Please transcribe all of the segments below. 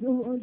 جودك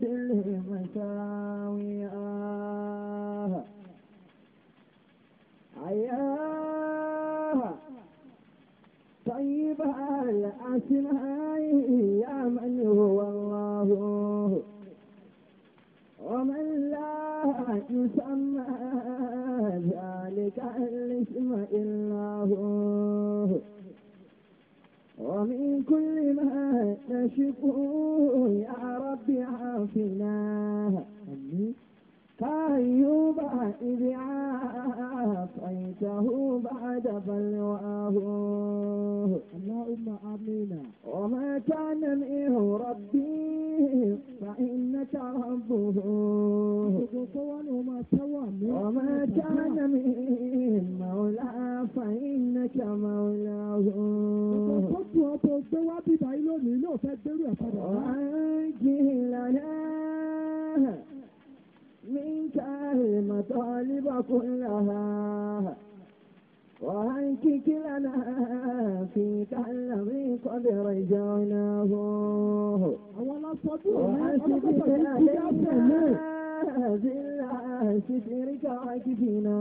بالله سترك عاكفنا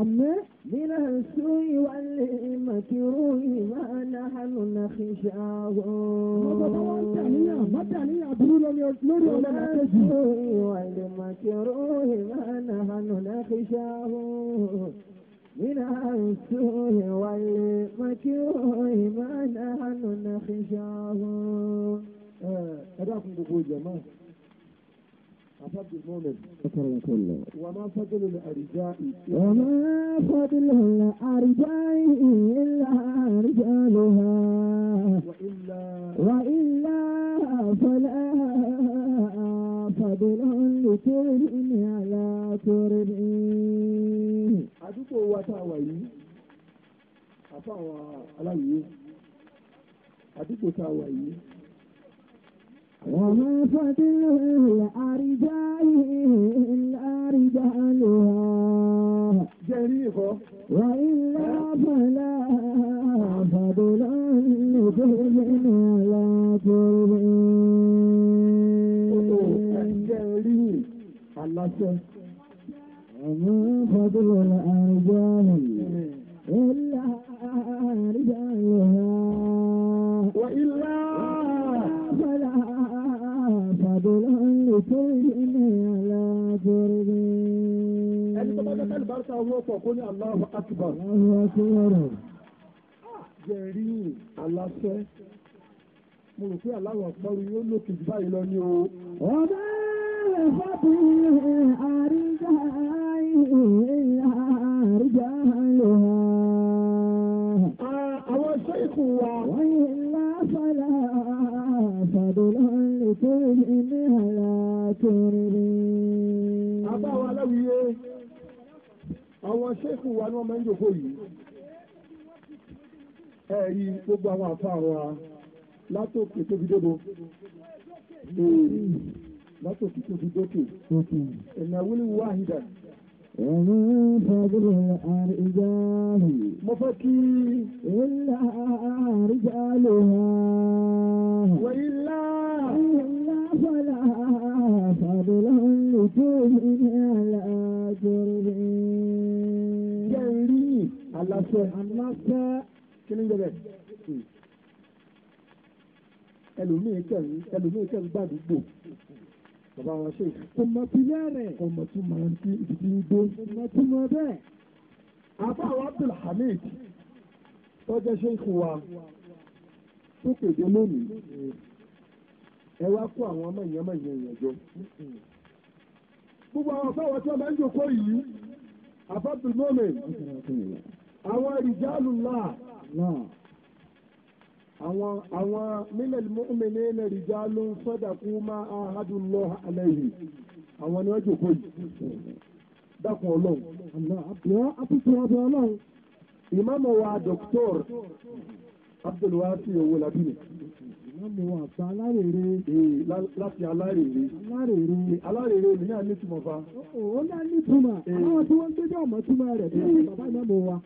أمر بلا السوء والإمة روي ما نحن نخشاه بلا السوء والإمة روي ما نحن نخشاه من السوء والمكروه ما نحن نخشاه أه، أدعكم دخول جماعة أفد وما فضل الأرجاء وما فضل الأرجاء إلا رجالها وإلا فلا فضل لكل على كرب àdúgbò wa tá a wà yìí àfáwọn وما فتح الأرجاء إلا رجالها جريفة وإلا فلا فضل لكل على كل وما فضل الأرجاء إلا رجالها وإلا ẹni tó bá jẹ́ ká àlùbáríkà owó pọ̀ kó ní Allahu Akbar. jẹ̀rí ah, aláṣẹ mo rò pé aláwọ̀ àpọ́rù yóò lòkè jù báyìí lọ ní o. ọ̀dà rẹ̀ fàbí àríjà ìhà àríjà lò wá. àwọn iṣẹ́ ìkù wa. wọ́n yìí ńlá fàlà fàdúrà lè tó ní ní àlàkùnrin. àwọn ṣéèkù wa ni wọ́n máa ń jòkó yìí ẹ gbogbo àwọn àfa wa látòkè tóbi dóbo látòkè tóbi dókè ìnáwó ni wáhídà. ومن فضل الرجال مفكي إلا رجالها وإلا إلا فلا فضل لكل على أجرهم aláṣẹ aláṣẹ kí ni jẹbẹ hmm. ẹlòmíì kẹrin ẹlòmíì kẹrin gbàdúgbò bàbá wọn ṣe kòmọtìlẹ rẹ kòmọtìmọ ti ìdìbò igbó kòmọtìmọ bẹ́ẹ̀ àbá wa Abdulhamid tọjọ ṣe ń fún wa tó kéde lónìí ẹ wá kó àwọn mọ̀nyẹ́mọ̀nyẹ́ yẹn jọ gbogbo àwọn afẹ́wọ̀ tí wọ́n máa ń jòkó yìí àbá Abdulmomen àwọn rìjálù náà náà àwọn àwọn mílẹ̀lì mọ́mìnì ilẹ̀ rìjálù sọ́dàkú máa ahádùn lọ àlẹ́yìn àwọn ni wọ́n jòkó yìí dákun ọlọ́run àbúrò àtúntò ọbẹ̀ ọlọ́run ìmáàmù wa dr abdulwasi owó labini wọ́n lè wọ́n láti alárèrè. alárèrè. alárèrè mi náà ní túmọ̀ fa. ó náà ní túmọ̀ àwọn tí wọ́n ń gbẹ́jọ́ ọmọ túmọ̀ rẹ̀ bí bàbá náà wa.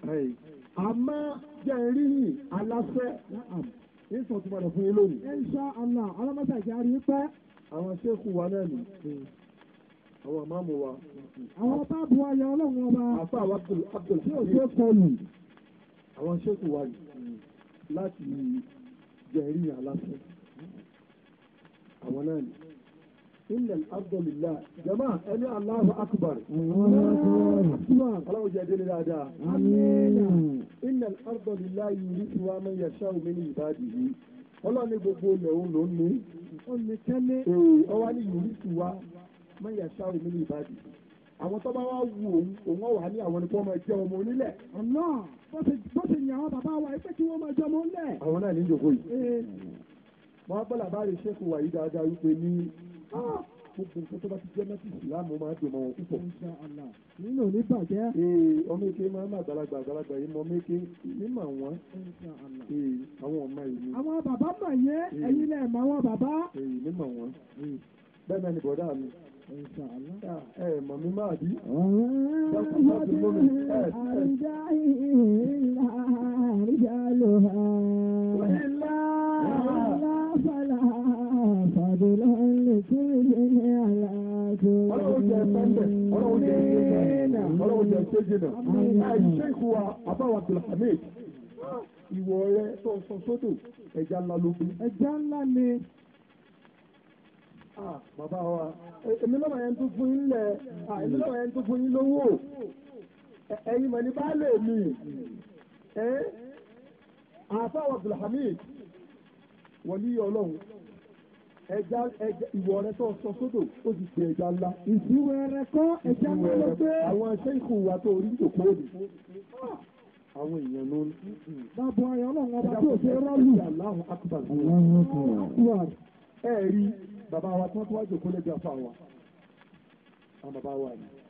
àmọ́ jẹ́ rí yìí aláfẹ́ ní sọ tí padà fún yín lónìí. ẹ ń sọ àlà ọlọ́mọta ìjárí pẹ́. àwọn ṣéèkù wa náà nì àwọn àmàmù wa. àwọn báàbù ayọ̀ ọlọ́run ọba. àfa àwọn abdul abdul. tí ò ṣe kọlù. àwọn ṣéèkù wa láti jẹ̀rí àlásán àwọn náà ni ilẹ̀ abdulilá jama ẹni aláhu akubar aláwọ̀ jẹ́ délé dáadáa ilẹ̀ abdulilá yìí ti wá mọ́ yẹ̀ṣá omi ní ìbáàdì yìí ọlọ́ni gbogbo ilẹ̀ òun ló ń ní ọ̀nìkẹ́lẹ́ ọwá ní yìí mọ́ yẹ̀ṣá omi ní ìbáàdì yìí àwọn tó bá wá wù òun òun ọ̀wà ní àwọn nípa ọmọ ẹgbẹ́ ọmọ onílẹ̀. ọ̀nà bó ti yàn àwọn bàbá wa ẹgbẹ́ tí wọ́n máa jẹ ọmọ onílẹ̀. àwọn náà ní ìjòkó yìí. wọ́n á gbọ́dọ̀ bá rè ṣẹ́kù wà yí dáadáa wípé ní gbogbo nǹkan tó bá ti jẹ́ mẹ́tì ìsìlámù máa dùn mọ́ púpọ̀. nínú ní bàjẹ́. ọmọ èké máa ń àgbàlagbà àgbàlagbà yìí mọ méke mímọ wọn. àwọn ọmọ yìí. àwọn bàbá mọ̀ yẹn ẹ̀yin lẹ́ẹ̀ mọ àwọn bàbá. ee wọn. bẹ́ẹ̀ náà ni bọ̀dá mi ẹ mọ̀ mi máa bí. àríjà ìlà àríjà ló hà. ìlà fàlà fàdúrà lè kí ní àlà tó. ọlọ́run jẹ pẹ́ńpẹ́ ọlọ́run jẹ pẹ́ńpẹ́ ọlọ́run jẹ pẹ́ńpẹ́ náà. àìsèkù wa àbáwá tìlàmì ìwọ rẹ tó sọ sódò ẹja ńlá ló bí. ẹja ńlá ni. Ah, bàbá wa èmi náà máa yẹn tún fún yín lẹ̀ ah, èmi náà máa yẹn tún fún yín lówó ẹ̀yin mọ̀ ní baálé mi ẹ̀ àfa Abdulhamid wọlé ọlọ́run ẹja ìwọ rẹ tó sọ sódò ó ti ṣe ẹja ńlá. ìfiwé rẹ kọ́ ẹja ńlá ló pé. àwọn iṣẹ́ ìkù wa tó orí ìjòkó òdì. àwọn èèyàn ló ń. bàbá ayọ̀ ọlọ́run ọba tó ṣe rọ́ọ̀lù. ẹ rí i bàbá wa tí wọ́n tó wá jòkó lẹ́jọ́ fún àwọn àwọn bàbá wa yìí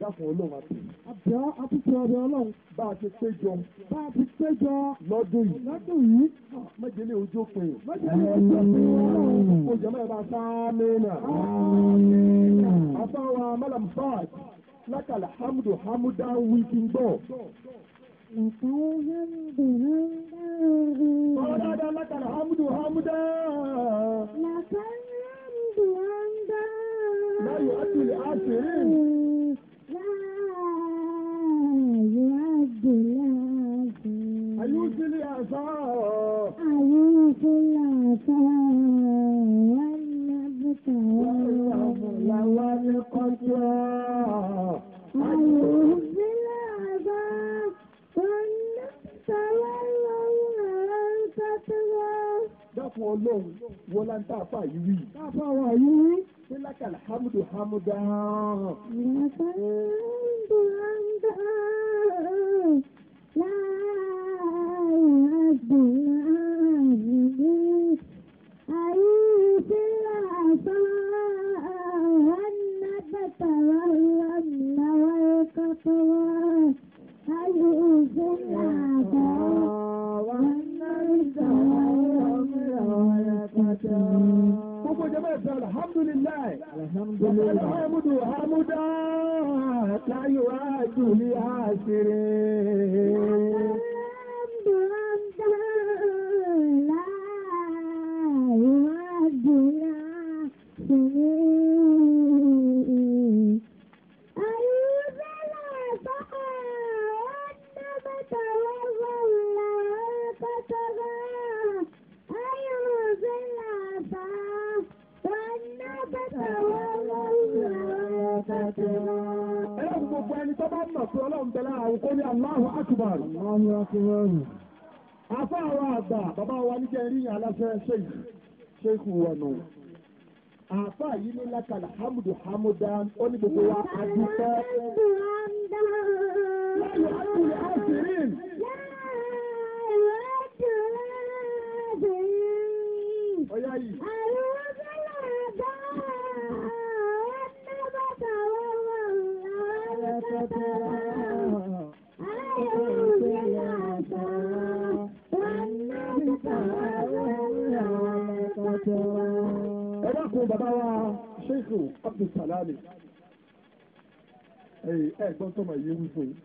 dákun olóhùn àti. àbẹ̀ àtúntò ọ̀rẹ́ ọlọ́run. bá a ti péjọ. bá a ti péjọ. lọ́dún yìí. lọ́dún yìí. Ah, méje ní ojú òpin. méje ní ojú òpin ọlọ́run. ojú ọmọ ìbá sáámẹ́nà. àbáwa malam fad lákàlà hamdu hamudan wíkíńgbọ̀. وفوزا بحمده قال هذا لك الحمد حمدا لك الحمد حمدا لا يؤدي الآخرين لا يؤدي الآخرين أيوس الأعصار أيوس الأعصار ọlọ́run wọ́n lá ń tá àfà yìí rí. tá àfà wà yìí rí. hamudu hamudu hàn. ní akínrẹ́rù afọ́ àwọn àgbà bàbá wa ní jẹ́ríyìn aláṣẹ ṣéìkù wọnù àfà yìí ní lákàlà hamudu hamudan ó ní gbogbo wa adúpẹ́ láyé àkùnrin àṣírín bàbá wa ṣéèkù abdulsalami ẹ̀gbọ́n tọ́mọ yìí wí fún yìí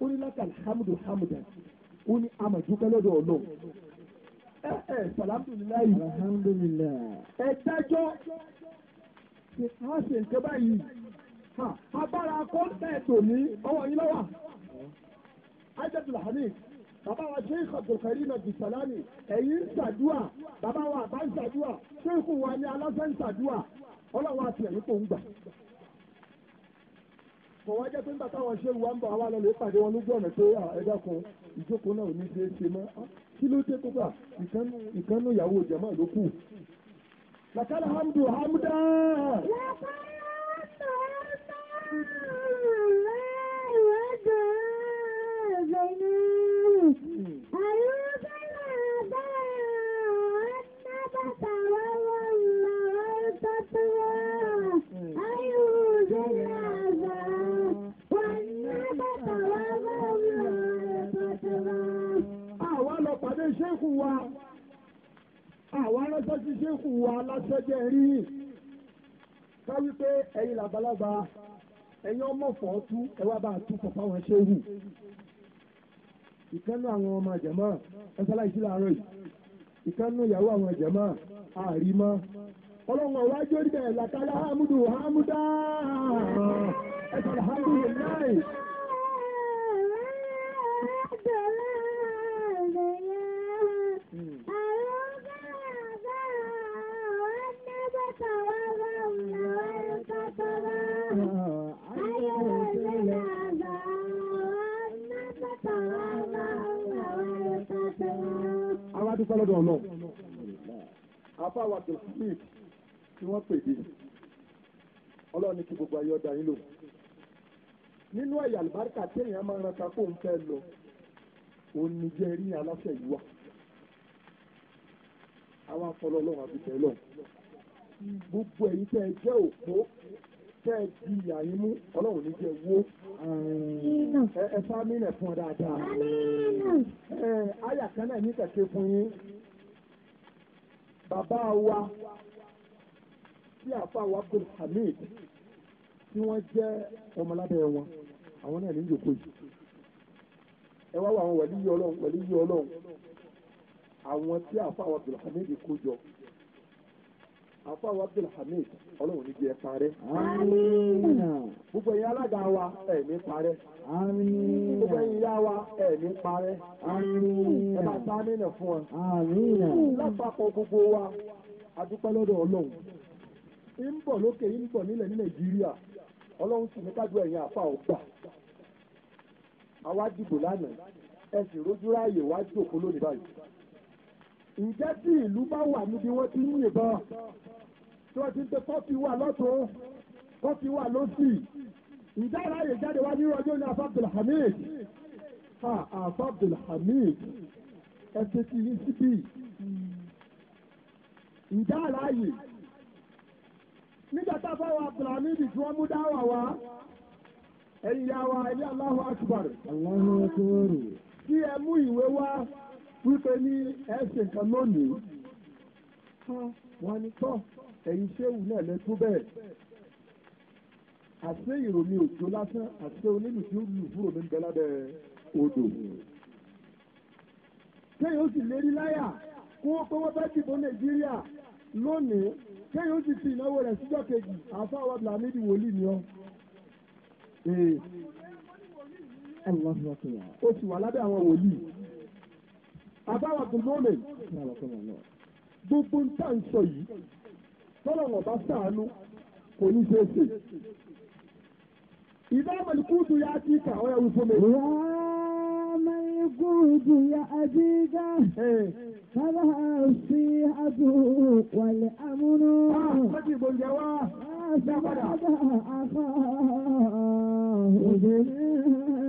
ó ní láti alhamdu hamdu ó ní amadukẹ́ lọ́dọ̀ ọlọ́run ẹ ẹ alhamdulilayi alhamdulilayi ẹ dájọ́ ṣe á ṣe nǹkan báyìí agbára kọ́ńtẹ̀ẹ̀tò ní ọwọ́ yín lọ́wọ́ ajẹ́tùlá hanif bàbá wa sheikh abdulkarim abdulsalami ẹ̀yin ń ṣàdúà bàbá wa àbá ń ṣàdúà sheikh wa ni aláṣẹ ń ṣàdúà ọlọ́wọ́ àti ẹ̀yìn kò ń gbà. kò wá jẹ́ pé nígbà táwọn ṣe wà ń bọ̀ àwa lọ lè wọn lójú ọ̀nà pé ẹ̀dá kan ìjókòó náà ò ní ṣe é ṣe mọ́ ah, kí ló dé kópa ìkànnù ìyàwó jàmá ló kù. lakala hamdu hamda. Zainab ṣékù wa àwọn aránṣẹ́ sí ṣékù wa aláṣẹ́jẹ́ rí ká wípé ẹ̀yin làbálàbà ẹ̀yin ọmọ fọ́ tú ẹ wá bá tú pọ̀pọ̀ àwọn ṣéwù ìkànnì àwọn ọmọ àjẹmọ́ ẹ̀ṣẹ́ láìsí láàárọ̀ yìí ìkánú ìyàwó àwọn jàmá àrímọ́ ọlọ́run ọ̀wá jórí bẹ̀rẹ̀ làkàlà hàmúdù hàmúdà ẹ̀sán hàmúdù láì. àfáwà tòsí tí wọ́n pèdè ọlọ́run ní kí gbogbo ayé ọ̀dà yín lò nínú ẹ̀yà àlùbáríkà tí èèyàn máa ń ranka kó ń fẹ́ lọ òun ní jẹ́ rí aláṣẹ yìí wà àwọn afọlọ ọlọ́run àbíkẹ́ lọ gbogbo ẹ̀yin tẹ́ ẹ jẹ́ òpó tẹ́ ẹ di ìyàyín mú ọlọ́run ní jẹ́ wó ẹ sáà mí nẹ̀ fún ọ dáadáa ayà kan náà ní kẹ̀kẹ́ fún yín bàbá wa tí àfa wa Abdul Hamid tí wọ́n jẹ́ ọmọlábẹ́ wọn àwọn náà ní ìjòkó yìí ẹ wá wọ àwọn wẹ̀lí yìí ọlọ́run wẹ̀lí yìí ọlọ́run àwọn tí àfa wa Abdul Hamid kó jọ àfọwọ́ abdulhamid ọlọ́run ní jẹ́ parẹ́. gbogbo ẹ̀yin alága wa ẹ̀ ní parẹ́. gbogbo ẹ̀yin ìyá wa ẹ̀ ní parẹ́. ẹ máa ta nínú fún ọ. lápapọ̀ gbogbo wa a ọlọ́run. ń bọ̀ lókè ń bọ̀ nílẹ̀ ní nàìjíríà ọlọ́run sì ní kájú ẹ̀yin àfa ọgbà. àwa dìbò lánàá ẹ sì rójú ráàyè wá jókòó lónìí báyìí. ǹjẹ́ tí ìlú bá wà níbi wọ́n ti ń yìnbọn tí wọ́n ti ń pe kọ́fì wà lọ́tún kọ́fì wà lọ́sì ǹjẹ́ aráyè jáde wá ní ọjọ́ ní afa abdulhamid ha afa abdulhamid ẹsẹ̀ ti yí síbí ǹjẹ́ aráyè nígbà tá a fọwọ́ abdulhamid tí wọ́n mú dáwà wá ẹ̀yìn yá wa ẹ̀yìn Allahu akbar. kí ẹ mú ìwé wá wípé ní ẹ̀sìn kan lónìí wọn ni tọ́ ẹ̀yin ṣéwù náà lẹ́tọ́ bẹ́ẹ̀ àṣé ìròyìn òjò lásán àṣé onílù tí ó lù fúrò mi ń bẹ lábẹ́ odò. kéèyàn ó sì lérí láyà kó wọ́n pé wọ́n fẹ́ dìbò nàìjíríà lónìí kéèyàn ó sì fi ìnáwó rẹ̀ síjọ́ kejì àáfàá wa bìlà nídìí wòlíì ni ọ́. ó sì wà lábẹ́ àwọn wòlíì àbáwọ̀ tó lónìí gbogbo ń tà ń sọ yìí tọ́lọ̀ wọn bá sàánú kò ní ṣe é ṣe. ìdá mẹ́lìkúdù yá ti kà ọ́ ẹ̀rù fún mi. wá mẹ́lìkúdù yá ti kà sábà sí àdúgbò wàlẹ̀ amúnú. a ah, lọ́jì ìgbòǹjẹ wá. a sábà àbá àbá òde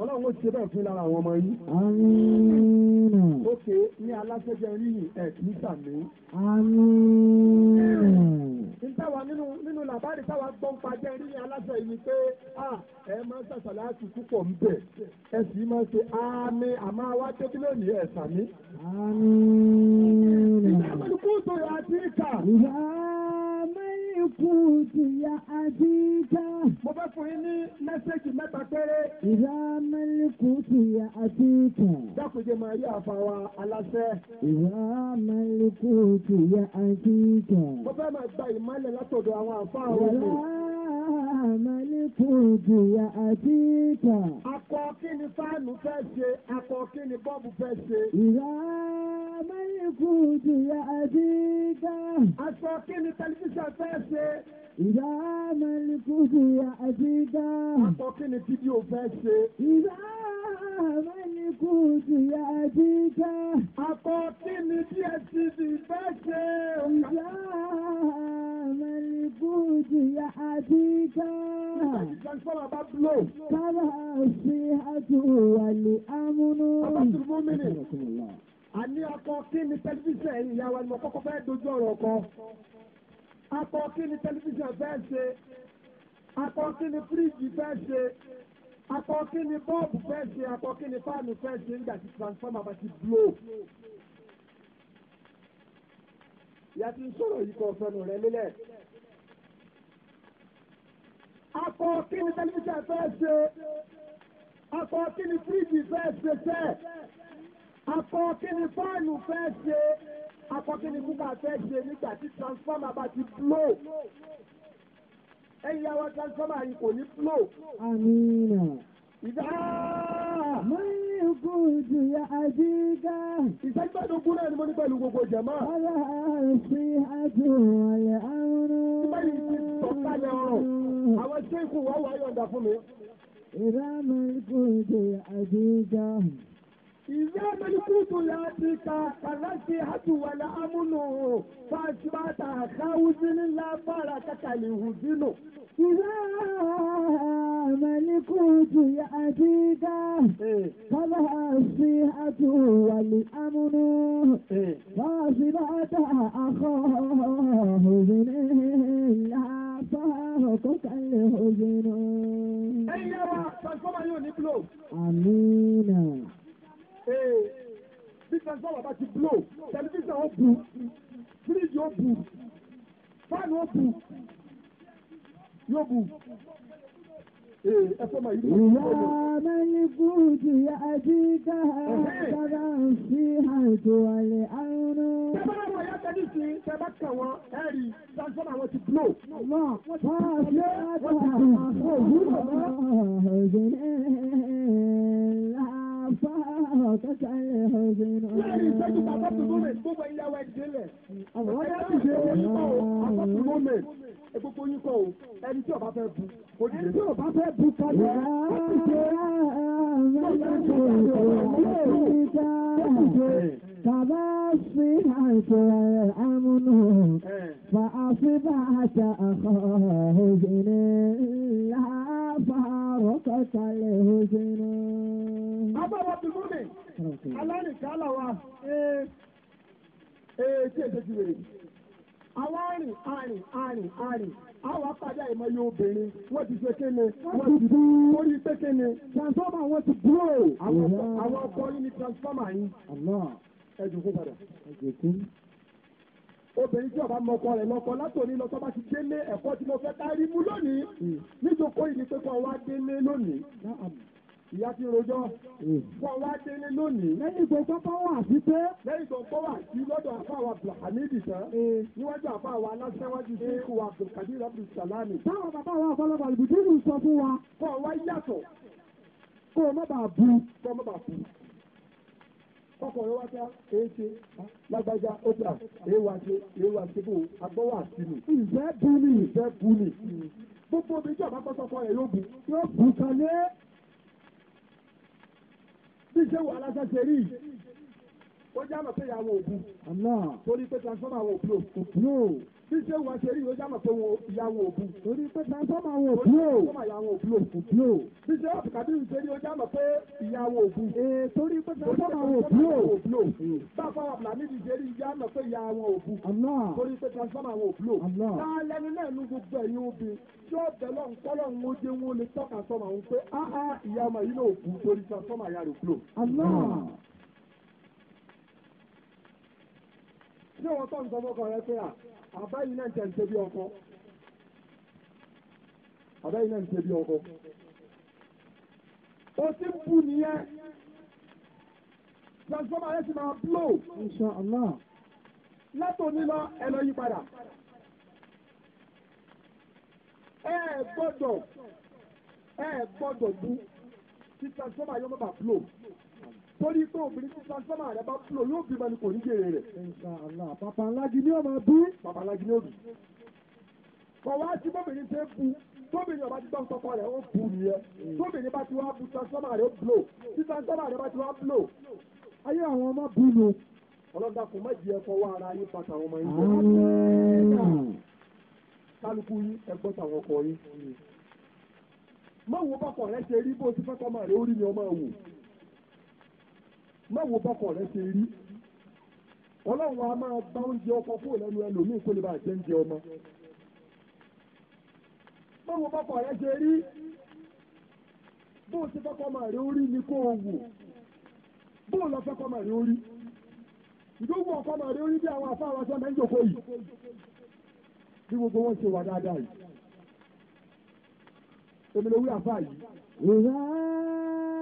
ọlọ́run ó ṣe bẹ́ẹ̀ fún lára àwọn ọmọ yín. ókè ní aláṣẹ́jẹ rí ẹ̀kí sàmì. ìtawà nínú nínú làbárí táwa gbọ́n pàjẹ́ rí aláṣẹ yìí pé ẹ máa ń ṣàṣàlá àti púpọ̀ ń bẹ̀ ẹ sì máa ń ṣe àmì àmọ́ wa débi lónìí ẹ̀ sàmì. ìdámẹ́lùkú sọ̀rọ̀ àti ìkà mẹ́lìkùtìyà àdìjà. Mo fẹ́ fún yín ní mẹ́sẹ̀gì mẹ́ta péré. Ìyá ya àdìjà. Dákùjẹ máa rí àfàwà aláṣẹ. Ìyá ya àdìjà. Mo fẹ́ máa gba ìmọ̀lẹ̀ látọ̀dọ̀ àwọn àfáà wọn. Ìyá mẹ́lìkùtìyà àdìjà. Akọ kí ni fáànù fẹ́ ṣe? Akọ kí ni bọ́ọ̀bù fẹ́ ṣe? Ìyá mẹ́lìkùtìyà ikú ti yà àdídá. Aṣọ kí ni tẹlifíṣàn fẹ́ ṣe? Ìyá Mẹ́líkù ti yà àdídá. Aṣọ kí ni fídíò fẹ́ ṣe? Ìyá Mẹ́líkù ti yà àdídá. Aṣọ kí ni DSTV fẹ́ ṣe? Ìyá Mẹ́líkù ti yà àdídá. Ìjọba bá blow. Sábà ṣe àtúwàlì amúnú. Bàbá àní akọ kí ni tẹlifíṣàn ẹ̀yìn ìyá wa ni mo kọ́kọ́ fẹ́ dojú ọ̀rọ̀ kan akọ kí ni tẹlifíṣàn fẹ́ ṣe akọ kí ni fíríjì fẹ́ ṣe akọ kí ni bọ́ọ̀bù fẹ́ ṣe akọ kí ni fáànù fẹ́ ṣe nígbà tí transformer bá ti blow. ìyá tí ń sọ̀rọ̀ yìí kọ́ sọnù rẹ lélẹ̀. akọ kí ni tẹlifíṣàn fẹ́ ṣe akọ kí ni fíríjì fẹ́ ṣe sẹ́ẹ̀. Akọ́kíni fáàlù fẹ́ ṣe, akọ́kíni kúkà fẹ́ ṣe nígbà tí transformer bá ti blow. Ẹ̀yìn àwọn transformer yìí kò ní blow. Àmìnà. Ìdá. Mo ní ikú Ìṣẹ́gbẹ́dùn kúrẹ́ ni mo ní pẹ̀lú gbogbo jẹ̀mọ́. Ọlá àrùsí àjò àyẹ̀ àrùn. Bẹ́ẹ̀ni ti sọ̀kalẹ̀ ọ̀rọ̀. Àwọn ṣéèkù wọ́n wá yọ̀ǹda fún mi. Ìrámọ̀ ikú ìjìyà àdídá. إذا ملكوت الأرض كرشها والأمن فأشبعتها خوزن لا بركة لهزن إذا ملكوت يأتيك فلها الصيحة والأمن فأشبعتها أخاه هزن لا بركة لهزن أيوة فالكما يوني بلو أمين business power bá ti blow television ó bu fridge ó bu fan ó bu yóò bu. يا blow fáàkẹ́kẹ́ ẹ̀hìn lẹ́yìn ìṣẹ́jú bàbá tùmọ́mẹ̀ gbogbo ilé wa ìdílé ẹni kọ́ o bàbá tùmọ́mẹ̀ gbogbo ẹni tí ọba fẹ́ bu kó ẹni tí ọba fẹ́ bu kalẹ̀ Bàbá sí àìsọ ẹ̀ amúnú, bà á sí bá àṣà àkọ́ òjìní, láàbàárọ̀ kọ́kàlẹ̀ òjìní. Abáwọ̀ ti mú mi, alárìnkálà wa, ee tí èdè ti wèrè. Àwọn arìn, arìn, àwọn apájá ìmọ̀ yóò wọ́n ti ṣe kéne, wọ́n ti bú, wọ́n pé kéne, transformer wọ́n ti bú. Àwọn ọkọ̀ yìí ni transformer yìí ẹ̀jọ̀kú padà. obìnrin tí ọba mọkọ rẹ̀ lọkọ látòní lọ sọba ti délé ẹ̀kọ́ tí mo fẹ́ kárí mu lónìí hmm. níjòkó yìí ni pé kó wá délé lónìí ìyá ti rojọ́ hmm. kó wá délé lónìí. lẹ́yìn tó gbọ́ bá wà sí pé. lẹ́yìn tó gbọ́ wà sí lọ́dọ̀ àfàwà Abdulhamidi tán. Hmm. níwájú àfàwà aláṣẹ́wájú sí kò wà Abdulkadir Abdulsalami. táwọn bàbá wa àfọlọ́bà ìbùdó ìlú sọ fún wa. kó wá yàtọ̀. kó o má bàa bu. kó o má bàa bu ọkọ̀ rẹ̀ wá sá èé ṣe lágbájá ó gbà èé wá ṣe èé wá ṣe bò agbọ́wọ́ àtinú. ìfẹ́ bú ni ìfẹ́ bú ni gbogbo omi tí àbá pọ́sọ́kọ rẹ̀ yóò bù yóò bù kalẹ̀ bí ṣé wàhálà ṣe rí ó jẹ́ àmọ̀ pé ìyàwó òbu torí pé transformer àwọn òbu òbu bí wọn ṣe rí ìwé jámọ̀ pé wọn ìyàwó òbú. torí pé transforma wọn òbú o. transforma ìyàwó òbú òkú bí o. bí ṣé àbùkàdé ṣe rí ìwé jámọ̀ pé ìyàwó òbú. ee torí pé transforma wọn òbú o. bàbá àbùlà níbi ṣe rí ìyàmọ̀ pé ìyàwó òbú. torí pé transforma wọn òbú o. náà lẹnu náà ní gbogbo ẹ̀yin obì tí ó bẹ̀ lọ́n kọ́lọ́ wọn tọ́ ń fọkàn rẹ pé à àbá yìí náà jẹ́ ìṣe bí ọkọ àbá yìí náà ń ṣe bí ọkọ ó ti ń bù nìyẹn transformer rẹ ti máa blow insha Allah látòní lọ ẹ lọ yí padà ẹ gbọ́dọ̀ ẹ gbọ́dọ̀ bú tí transformer yóò má blow torí pé obìnrin tí transformer rẹ bá kúrò yóò bímọ ni kò ní jèrè rẹ̀. pàpà ńlági ni ó máa bí. pàpà ńlági ni ó bì. kọ̀ wá sí bóbìnrin ṣe ń bu tóbìnrin ọba ti gbọ́n tọkọ ó bu nìyẹn tóbìnrin bá ti wá bu transformer rẹ̀ ó blow tí transformer rẹ̀ bá ti wá blow ayé àwọn ọmọ bu nù. ọlọ́dàkùn má jẹ ẹ̀kọ́ wá ara yín pàtàkì àwọn ọmọ yín kálukú yín ẹgbọ́ tàwọn ọkọ yín. má wo bọ́kọ̀ rẹ ṣe rí bó ti fẹ́ kọ́ máa rí ni ọmọ wò má wo bọ́kọ̀ rẹ ṣe rí ọlọ́run a máa bá oúnjẹ ọkọ kúrò lẹ́nu ẹlòmíì kó lè bá jẹ́ oúnjẹ ọmọ má bọ́kọ̀ rẹ ṣe rí bó ti fọ́kọ́ máa rí orí ni kó o wò bó o lọ fọ́kọ́ máa rí orí ìdókòwò ọkọ̀ máa rí orí bí àwọn afáwọn aṣọ máa ń jòkó yìí bí gbogbo wọn ṣe wà dáadáa yìí èmi lè wí àfáà yìí.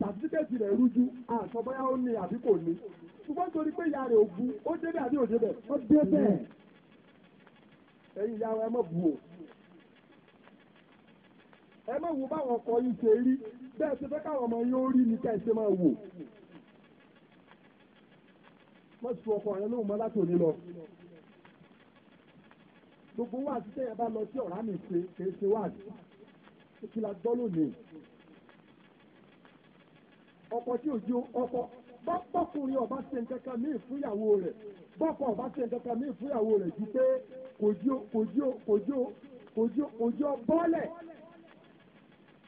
sàtífíkẹ́tì rẹ̀ rújú àṣọ bóyá ó ní àbí kò ní ṣùgbọ́n torí pé ìyá rẹ̀ ò bu ó débẹ̀ àbí ò débẹ̀. ó débẹ̀. ẹ̀yin ìyá wa ẹ mọ̀ bu o ẹ mọ̀ wo báwọn ọkọ yìí ṣe rí bẹ́ẹ̀ ṣe fẹ́ káwọn ọmọ yín ó rí ni ká ẹ ṣe máa wò. wọ́n ti ọkọ yẹn lóhùn mọ́ látòní lọ gbogbo wáàsí tẹ́yẹ bá lọ sí ọ̀rá mi ṣe kì í ṣe wáàsí kí la gbọ́ lónìí ọkọ tí ò jó ọkọ bọ́kùnrin ọba ṣe nǹkan kan míì fúnyàwó rẹ̀ bọ́kọ ọba ṣe nǹkan kan míì fúnyàwó rẹ̀ ju pé kò jó kò jó kò jó kò jó kò jó bọ́ọ̀lẹ̀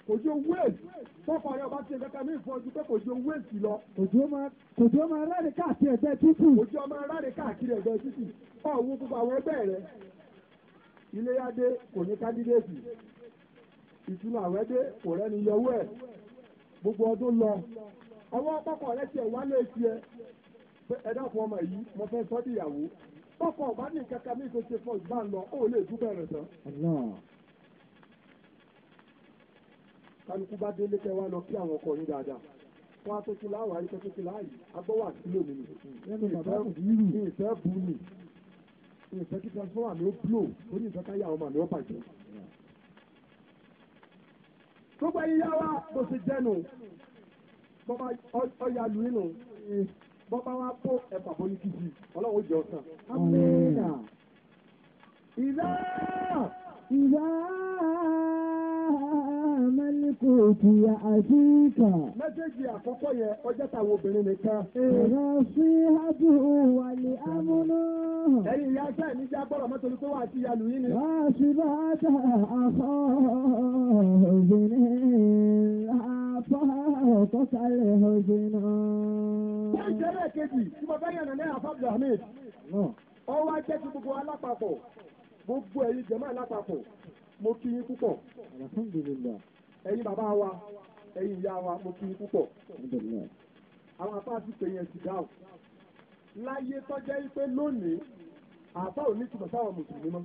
kò jó wéèlì bọ́kọ rẹ̀ ọba ṣe nǹkan kan míì fún ọ ju pé kò jó wéèlì lọ. kò jó máa ráre káàkiri ẹgbẹ́ títì. kò jó máa ráre káàkiri ẹgbẹ́ títì. ọ̀hún gbogbo àwọn ẹgbẹ́ rẹ̀ iléyàdé kò ní kandidéètì ìtura àwẹ́dé kò rẹ́ni yọwọ́ ẹ̀ gbogbo ọdún lọ ọwọ́ ọkọ̀ rẹ tiẹ̀ wá lé tiẹ̀ ẹ dákun ọmọ yìí mo fẹ́ sọ́ dìyàwó tọkọ ọba ní kankan mi tó ṣe fọ ìgbà lọ ó lè dúpẹ́ rẹ̀ tán. kálukú bá délé kẹ wá lọ kí àwọn ọkọ yín dáadáa wọn á tó ti láwàá rí tó ti láàyè agbọ́wà sílò mi nì ìfẹ́ bù mí ìfẹ́ kí transformer mi ó blow ó ní ìfẹ́ káyà ọmọ mi ó bàjẹ́ gbogbo ẹ̀yin yá wa bó ṣe jẹ́nu bọ́bá ọ̀yà lù nínú bọ́bá wa kó ẹ̀fà bọ́ yìí kìí ọlọ́run jẹ́ ọ̀sán. amínà ìlà ìlà mẹ́líkùtì àṣíkà. Mẹ́sẹ̀jì àkọ́kọ́ yẹn ọjọ́ táwọn obìnrin nìkan. Èrò sí Hájú Wàlí Amúnú. Ẹ̀yin ìyá ṣe ní jẹ́ gbọ́dọ̀ mọ́tò ní pé wà á ti yalù yín ni. Wà á sì bá a ta àkọ́ obìnrin àpá ọ̀kọ́sálẹ̀ obìnrin. Ṣé ìjẹ́rẹ́ kejì tí mo fẹ́ yànnà ní Àfáàbù Ahmed? Ọwọ́ ajẹ́ ti gbogbo alápapọ̀, gbogbo ẹ̀yin jẹ̀mọ́ alápapọ̀, mo kí yín púpọ̀. Alhamdulillah ẹ̀yin bàbá wa ẹ̀yin ìyá wa mo kí i púpọ̀ àwọn àfáà ti pè yẹn sìgá o láyé tọ́jẹ́ pé lónìí àfáà ò ní tìmọ̀ sáwọn mùsùlùmí mọ́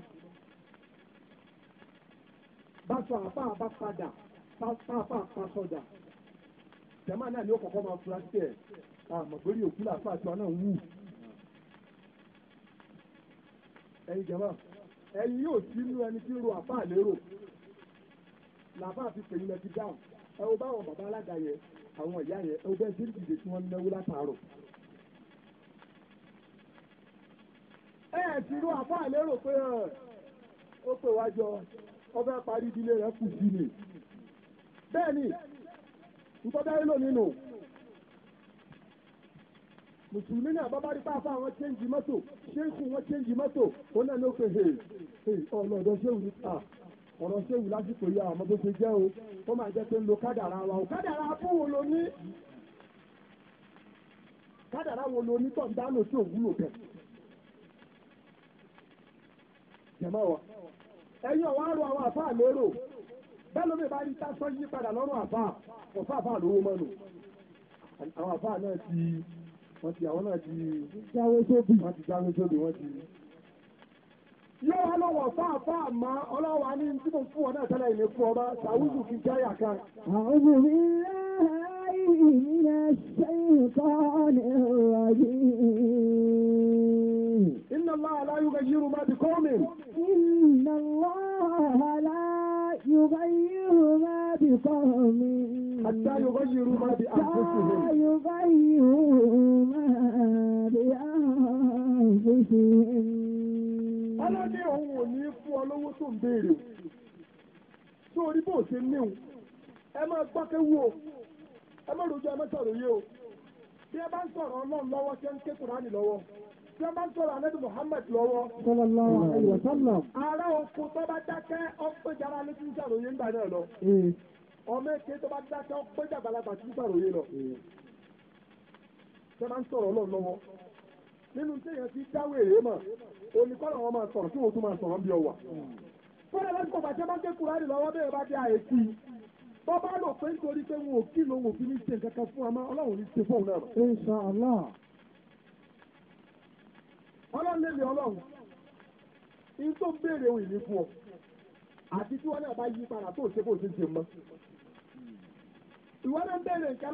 bá sọ àfáà bá padà pápá pasọ̀dà jẹ́mà náà ni ó kọ̀kọ́ máa fura sí ẹ̀ àmọ̀gbórí òkú làfáà tiwa náà wù ẹ̀yin jẹ́mà ẹ̀yin yóò sínú ẹni tí ń ro àfáà lérò làbá àti sèyí lẹ ti dáhùn ẹ wo báwọn bàbá alága yẹn àwọn ìyá yẹn ẹ wo bẹ́ẹ̀ sí ìdè tí wọ́n ń náwó látàárọ̀. ẹ ẹ ti rú àbá àlérò pé ó pè wá jọ ọbẹ̀ parí ìdílé rẹ̀ kù sí ni bẹ́ẹ̀ ni ntọ́bẹ̀rẹ́ lò nínú mùsùlùmí ní àbábárí pàápàá àwọn chẹ́ǹjì mọ́tò ṣéǹkù wọn chẹ́ǹjì mọ́tò ó náà ló pe ọ̀nà ọ̀dọ̀ ṣéwù ní ta ah, ọ̀rọ̀ ṣéwù lásìkò yìí àwọn ọmọ bó ṣe jẹ́ o ó máa jẹ́ pé ń lo kádàrá wa o kádàrá fún wo lo ní kádàrá wo lo ní tọ̀dánù tí òwúlò bẹ̀. jẹ̀mọ́ wa ẹ̀yin ọ̀wá rọ àwọn àfáà lérò bẹ́ẹ̀ lómi bá rí sásán yí padà lọ́rùn àfáà ọ̀fà àfáà lówó mọ́nu àwọn àfáà náà ti wọ́n ti àwọn náà ti jáwé sóbì wọ́n ti jáwé sóbì wọ́n ti yóò wá lọ́wọ́ fáfá àmọ́ ọlọ́wà ní tí mo fún ọ náà tẹ́lẹ̀ ìlé fún ọba ṣàwùjù fi jáyà kan. àwọn ìlànà ìlànà ṣẹ́yìnkọ́ni rọ̀jì. Inna Allah la yughayyiru ma bi qawmin. Inna Allah la yughayyiru ma bi qawmin. Hatta yughayyiru ma bi anfusihim. Hatta yughayyiru ma bi anfusihim. ọlọ́dẹ òun ò ní fún ọ lówó tó ń béèrè tó bó ṣe ẹ máa gbọ́kẹ́ o bí ẹ bá ń sọ̀rọ̀ ọlọ́run lọ́wọ́ ṣe ń ké kùránì lọ́wọ́ tí wọ́n bá ń sọ̀rọ̀ anẹ́dùn Muhammad lọ́wọ́. ara oko tó bá dákẹ́ ọ̀pẹ́ jara ló ti ń náà lọ. ọmọ èké tó bá dákẹ́ ọ̀pẹ́ nínú téèyàn ti dáwọ́ èrè mọ̀ oníkọ́lọ̀ wọn máa sọ̀rọ̀ tí wọ́n tún máa sọ̀rọ̀ bí ọwà. fúnra láti kọ̀ bàjẹ́ máa ń ké kúránì lọ́wọ́ bẹ́ẹ̀ bá dé àyè sí i bọ́ bá lò pé nítorí pé wọn ò kí lòun ò fi ní ṣe nǹkan fún wa ọlọ́run ní ṣe fóun náà. ọlọ́run lè lè ọlọ́run ní òun béèrè nǹkan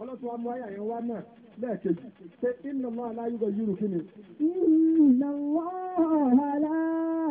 ọlọ́tún wa mú àyà yẹn wá náà lẹ́ẹ̀kejì pé inna Allah la yughayyiru kí ni. inna Allah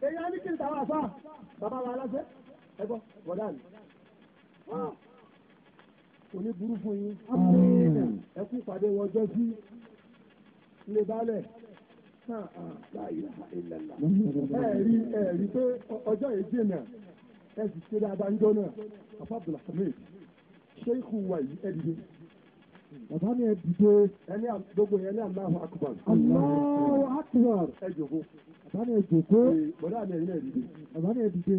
èyí á ní kí n tàwọn àfa bàbá wa aláṣẹ ẹgbọ wọdà ni ah. ah. òní burú fún yín ẹkú pàdé wọn jọ sí ilé baálẹ̀ ah, ẹ̀rí ẹ̀rí pé ọjọ́ yìí dé náà ẹ sì ṣe dáadáa ń jọ náà àfa Abdulhamid ṣé ikú wa yìí ẹ̀ dìde. bàbá mi ẹ dìde ẹni gbogbo yẹn ní Allahu Akbar. Allahu Akbar. ẹ jòkó. bàbá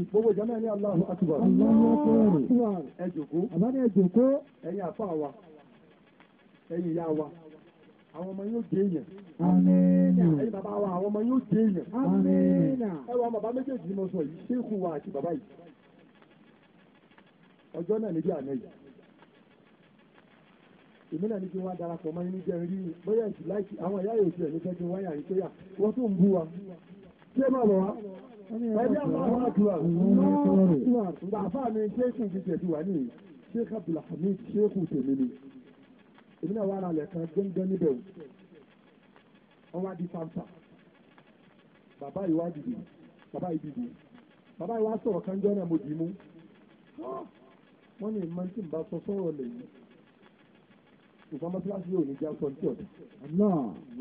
gbogbo jama ẹni Allahu Akbar. Allahu Akbar. ẹ jòkó. bàbá mi ẹ jòkó. ẹ̀yin àfa wa ẹ̀yin ya wa àwọn ọmọ yóò dé yẹn. bàbá wa àwọn ọmọ yóò dé yẹn. ẹ bàbá méjèèjì mọ sọ yìí èmi náà ní kí wọ́n darapọ̀ mọ́ inú jẹun rí bóyá ìsì láìsí àwọn ìyá yòókù ẹ̀ ló fẹ́ kí wọ́n yà rí pé yà wọ́n tún ń bú wa ṣé máa bọ̀ wá ẹbí àwọn àwọn àdúrà nígbà àfáà mi ṣéèkù ti tẹ̀sí wà ní ṣéèkù Abdulhamid ṣéèkù tèmi ni èmi náà wà ara rẹ̀ kan gbẹ́ngbẹ́ níbẹ̀ o wọ́n wá di fanta bàbá yìí wá dìde bàbá yìí dìde bàbá yìí wá sọ̀rọ̀ kanjọ́ náà mo dì í mú wọ́n ní ìmọ̀ tí ń bá sọ sọ̀rọ̀ lẹ́yìn ìfọ́n mọ́tíláṣí ò ní jẹ́ sọ ní ọ̀dọ̀.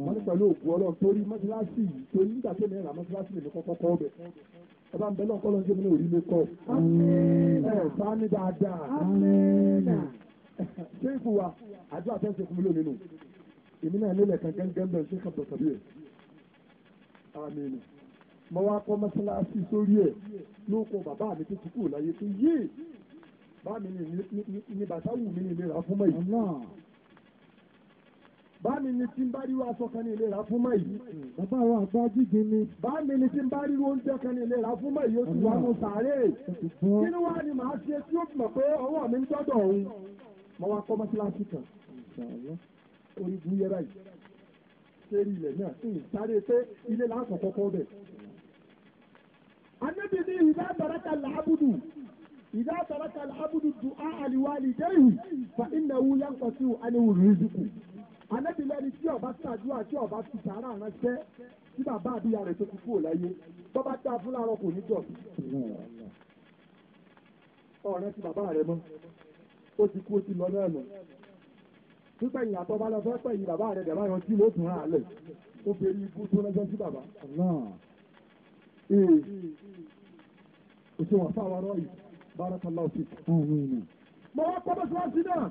wọ́n ní pẹ̀lú òkú ọlọ́run torí mọ́tíláṣí yìí torí nígbà tó mẹ́rin mọ́tíláṣí lè ní kọ́kọ́ kọ́ ọbẹ̀. ẹ ń bẹ lọ́kọ́ lọ́jọ́ mi ní orí kọ́. ẹ bá ní dáadáa. ṣé ìfù wa àjọ àtẹ́sẹ̀ fún mi lónìí nù. èmi náà lélẹ̀ kan gẹ́gẹ́ ṣé kàtọ̀ tàbí ẹ̀. àmín mo wá kọ́ mọ́tíláṣí sórí ẹ̀ ló bàbá mi tó ti kú láyé tó yé bá mi ní bàtà wù mí ní ìlera fún mọ́ yìí báàmì ni tí ń bá ríro aṣọ kan ní ìlera fún mọ́ yìí. bàbá àwọn àgbà jíjìn ni. báàmì ni tí ń bá ríro oúnjẹ kan ní ìlera fún mọ́ yìí ó ti wà nù sàárè. kí ni wàá ni màá ṣe tí ó mọ̀ pé ọwọ́ mi ń dọ́dọ̀ òun. mo wá kọ́ mọ́síláṣí kan. orí bu yẹra yìí. sẹ́rí ilẹ̀ náà ń sáré pé ilé láǹkọ̀ kọ́kọ́ bẹ̀. anábì ní ìdá àtàràkà làábùdù ìdá àtàràkà làábùdù dùn anábìlẹ́ni tí ọba ṣàdúrà tí ọba fi sàárà ránṣẹ́ tí bàbá àbíyá rẹ̀ tó kú kúrò láyé tó bá dá fún láàárọ̀ kò ní jọ̀ ọ̀rẹ́ ti bàbá rẹ̀ mọ́ ó ti kú ó ti lọ náà nù nígbà ìyá tó bá lọ fẹ́ pẹ̀yìn bàbá rẹ̀ dẹ̀ bá yan tí ló tún rà lẹ̀ ó bẹ̀rẹ̀ ikú tó lọ́jọ́ sí bàbá. ee òṣèwọ̀n fáwọn ọ̀rọ̀ yìí bárakàlá òfin mo wá pọ́ bọ́sí wá sí náà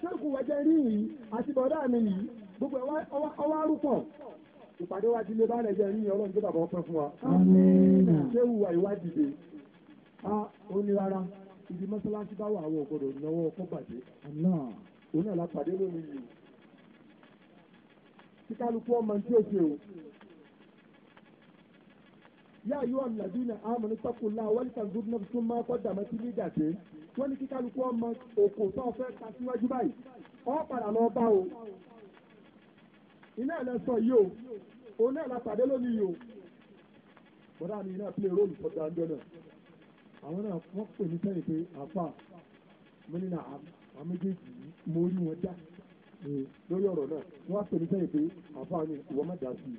ṣéèkù wẹ́jẹ́ rí yìí àti bọ̀dá mi yìí gbogbo ẹ̀ ọwá rúpọ̀ ìpàdé wa ti lé bá rẹ̀ jẹ́ rí yìí ọlọ́run tó bàbá ọpẹ́ fún wa ṣéèkù wa ìwádìí a ó ní rárá ibi mọ́sálásí bá wà àwọn ògbọ́dọ̀ ìnáwó ọkọ̀ bàjẹ́ òun náà lápàdé lórí yìí kíkálukú ọmọ tí ó ṣe o yáa yóò àmì làdínà àmì ní tọkùnlá wọ́n ti tàn zúdú náà fún máa kọ́ dàmẹ́tì ní ìdàgbé wọ́n ní kí kálukú ọmọ òkò tó fẹ́ ta síwájú báyìí ọ padà lọ bá o iná ẹ̀ lẹ́sọ̀ yìí o òun náà la pàdé lónìí yìí o bọ́dá mi iná pílẹ̀ róòlù fọ́dà ń dọ́nà àwọn náà wọ́n pè mí sẹ́yìn pé àfà mo ní na àméjèèjì mo rí wọn já lórí ọ̀rọ̀ náà wọ́n pè mí sẹ́yìn pé àfà mi ìwọ má dà sí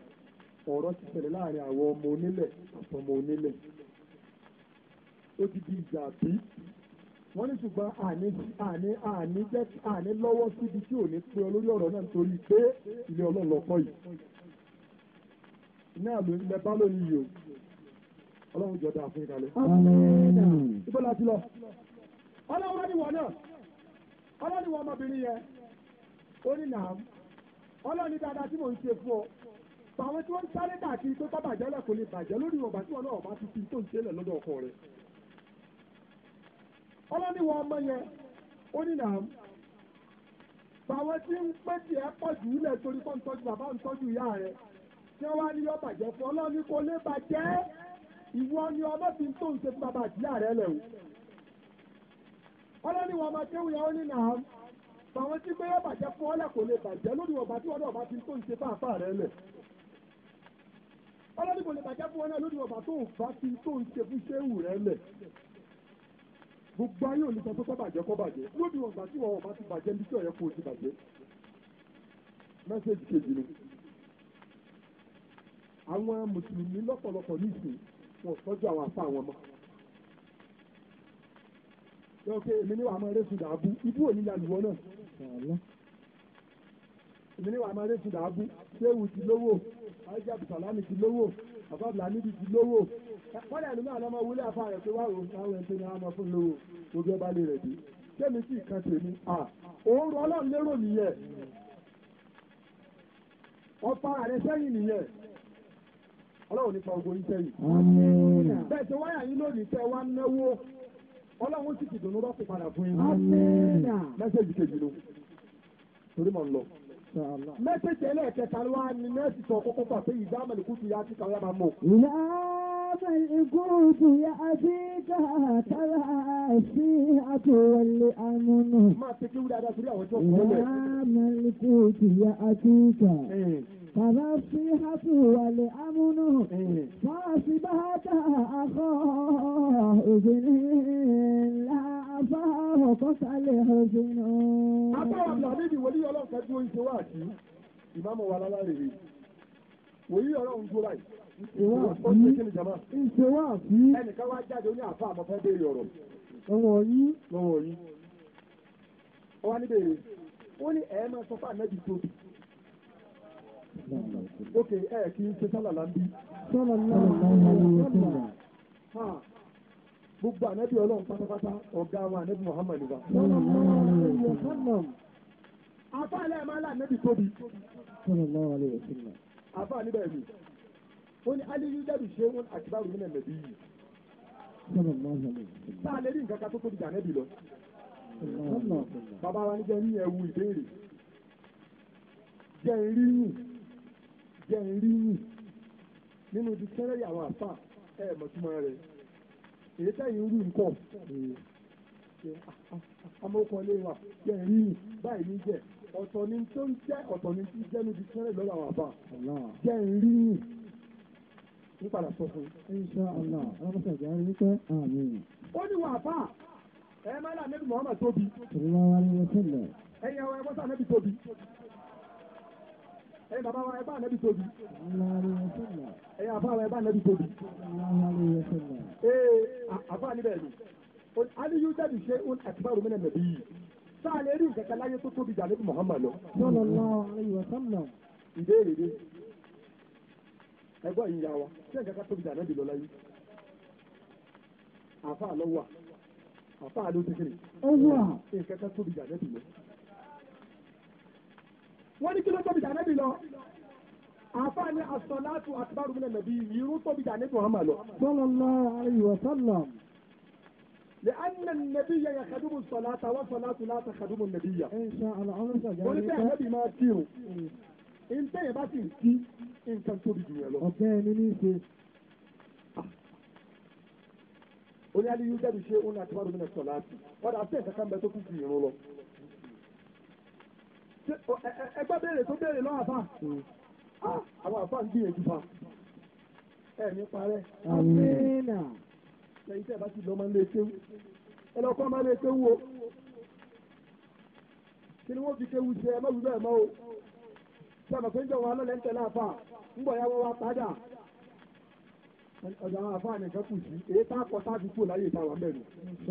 ọ̀rọ̀ ti ṣẹlẹ̀ láàrin àwọn ọmọ onílẹ̀ àtọmọ onílẹ̀ ó ti di ìjà bí wọ́n ní ṣùgbọ́n àní àní àní jẹ́ àní lọ́wọ́ síbi tí ò ní pé olórí ọ̀rọ̀ náà nítorí pé ilé ọlọ́run lọ́pọ̀ yìí náà ló ń bá lónìí yìí o ọlọ́run jọ dáa fún ìdálẹ́. ibo la lọ ọlọ́run ní wọ̀ náà ọlọ́run ní wọ ọmọbìnrin yẹn ó ní nàá ọlọ́run ní dáadáa tí mò ń ṣe fún ọ pàwọn tí wọ́n ń sáré dà kí tó bá bàjẹ́ lè bàjẹ́ lórí ọ̀bà ọlọ́ni wọn ọmọ yẹn ó ní nàá báwọn tí ń pé tiẹ̀ pọ̀ jù ú lẹ̀ torí kó ń tọ́jú bàbá ń tọ́jú ìyá rẹ̀ tí wọ́n wá ní yọ bàjẹ́ fún ọlọ́ni kò lè bàjẹ́ ìwọ ni ọmọ ti ń tó ń ṣe fún bàbá àtìyá rẹ̀ lẹ̀ o ọlọ́ni wọn ọmọ kéwù yẹn ó ní nàá báwọn tí pé yọ bàjẹ́ fún ọlẹ̀ kò lè bàjẹ́ lórí ọ̀bà tí wọ́n ti ń tó ń ṣe fáfá rẹ̀ lẹ̀ ọlọ́ni kò lè bàjẹ́ fún ọlẹ̀ lórí ọ̀bà tó ń fa ti tó ń ṣe fún ṣéwù rẹ̀ lẹ̀ gbogbo ayé ò lè sọ pé kọ́ bàjẹ́ kọ́ bàjẹ́ lóbi wọn gbà tí wọn ò bá ti bàjẹ́ níbi tí ọ̀yẹ́ kò ti bàjẹ́ mẹ́sẹ̀jì kejì ni àwọn mùsùlùmí lọ́pọ̀lọpọ̀ nísìn wọn sọ́jú àwọn afá àwọn ọmọ yọ pé èmi ni wàá mọ eré sùdà abú ibú òní ni àlùwọ́ náà èmi níwà máa rétí làágún séwù ti lówó àìsí àbùsàlámì ti lówó bàbá bùláníbi ti lówó wọ́n lẹ́nu náà lọ́mọ wúlé afá rẹ̀ pé wáwo táwọn ẹni tó ní àmọ́ fún lówó gbogbo ẹbá lè rẹ̀ dé kémi sì kan tèmi à òun rọ ọlọ́run lérò nìyẹn ọ̀pá rẹ̀ sẹ́yìn nìyẹn ọlọ́run nípa ogun yín sẹ́yìn. bẹ́ẹ̀ tí wáyà yín lónìí tẹ́ wá náwó ọlọ́run sì ti dùnú rọ́pò padà fún yín. torí mọ̀ ń lọ mẹ́sẹ̀jì ẹlẹ́ẹ̀kẹta ló wá ní nẹ́ẹ̀sì sọ kókó pà pé ìdá mẹ́lìkútù yá ti kàwé máa mọ̀. ìlà mẹ́lìkútù yá ti kàtàrà sí àtúwọlé amúnú. máa ṣe kí wúdà dá sórí àwọn ọjọ́ ìwọlẹ̀. ìlà mẹ́lìkútù yá ti kà. Bàbá fi hàtù wàlẹ̀ amúnú. Eh. Fọ́ọ̀sì bá dà àkọ́ òbí ní ńlá àbáhà ọ̀kọ́ sálẹ̀ ọ̀gbìnà. Abáwọ̀ Abdulhamid wòlíì ọlọ́run kan dúró ìṣe wá àti ìmáàmù wa lára Wòlíì ọlọ́run dúró láì. Ìṣèwà àfi. Ìṣèwà àfi. Ẹnìkan wá jáde ó àfa àmọ́ fẹ́ béèrè ọ̀rọ̀. Ọ̀wọ̀ yìí. Ọ̀wọ̀ yìí. Ó wá níbẹ̀ rèé. ní ẹ̀ẹ́ máa sọ fún ànábì tóbi. Ókè ẹ̀ kì í ṣe sálà láńbí. Sálà láńbí gbogbo ànábì ọlọ́run pátápátá ọ̀gá àwọn ànábì muhammadu wa. afa alẹ́ máa lá ànábì tóbi. afa níbẹ̀ mi ó ní aliyu dàbí ṣé wọn àtibáwò nílẹ̀ mẹ́bí yìí. tá a lè rí nǹkan kan tó tóbi jà ànábì lọ. bàbá wa ní jẹ́ ní ẹ̀wù ìbéèrè jẹ́ ń rí yìn jẹ́ ń rí yìn nínú ti kẹ́rẹ́rì àwọn àfa ẹ̀ mọ̀túmọ̀ rẹ̀ èyí sẹ́yìn orí nǹkan amókanlé wa jẹ́ rí báyìí ní jẹ́ ọ̀tọ̀ ni tó ń jẹ́ ọ̀tọ̀ ni tí jẹ́ níbi tẹ́lẹ̀ lọ́dọ̀ àwọn àbá jẹ́ rí ní padà sọ fún un. insha allah alábọ́sà ìjà rí wípé àmín. ó ní wà fà ẹ máa ń là nẹ́bí Muhammad tóbi. ìrora wa ni wọ́n tẹ̀lé. ẹ̀yin àwọn ẹgbọ́n sà nẹ́bí tóbi ẹ̀yin bàbá wa ẹ̀bá ànábì tóbi ẹ̀yin àbá wa ẹ̀bá ànábì tóbi ee àbá níbẹ̀ ni aliyu jáde ṣe ń àtibá romina nàbí yìí sáà lè rí nǹkan láyé tó tóbi jà níbi Muhammad lọ. sallallahu alaihi wasallam. ìbéèrè dé ẹgbọ́n ìyá wa ṣé nǹkan ká tóbi jà nàbí lọ láyé àfa àlọ́ wà àfa àlọ́ tẹ́kẹ̀rẹ̀. ó wà. nǹkan ká tóbi jà nàbí lọ wọ́n ní kí ló tóbi dànẹ́bì lọ àáfàá ní asọ̀láàtù àtibárù mílẹ̀ nàbí irú tóbi dànẹ́bì Muhammad lọ. sallallahu alaihi wa sallam. لأن النبي يخدم الصلاة والصلاة لا تخدم النبي. إن شاء الله أنا سأجاوبك. ولكن النبي ما كيرو. إن تي باتي كي إن كان tóbi jù lọ. ọ̀kẹ́ ni ní í ṣe. oní aliyujabi ṣe òun àtibárù mílẹ̀ sọ̀láàtì. wọ́n dà sí ẹ̀ka kan bẹ tó kú kì í rún lọ. ẹgbẹ́ béèrè tó béèrè lọ́wọ́ àfà hmm. ah, àwọn àfà ń gbìyànjú fa ẹ̀mí parẹ́ àmínà lẹ́yìn tẹ́ ẹ bá ti lọ́mọ ilé kéwú ẹ lọ́kọ́ ọmọ ilé kéwú o kí ni wọ́n fi kéwú ẹ má wù bẹ́ẹ̀ mọ́ o ọ̀dọ̀ àwọn àfáà nìkan kù sí èyí tá kọ sáàtì kù láyé ìtawà mẹ́rin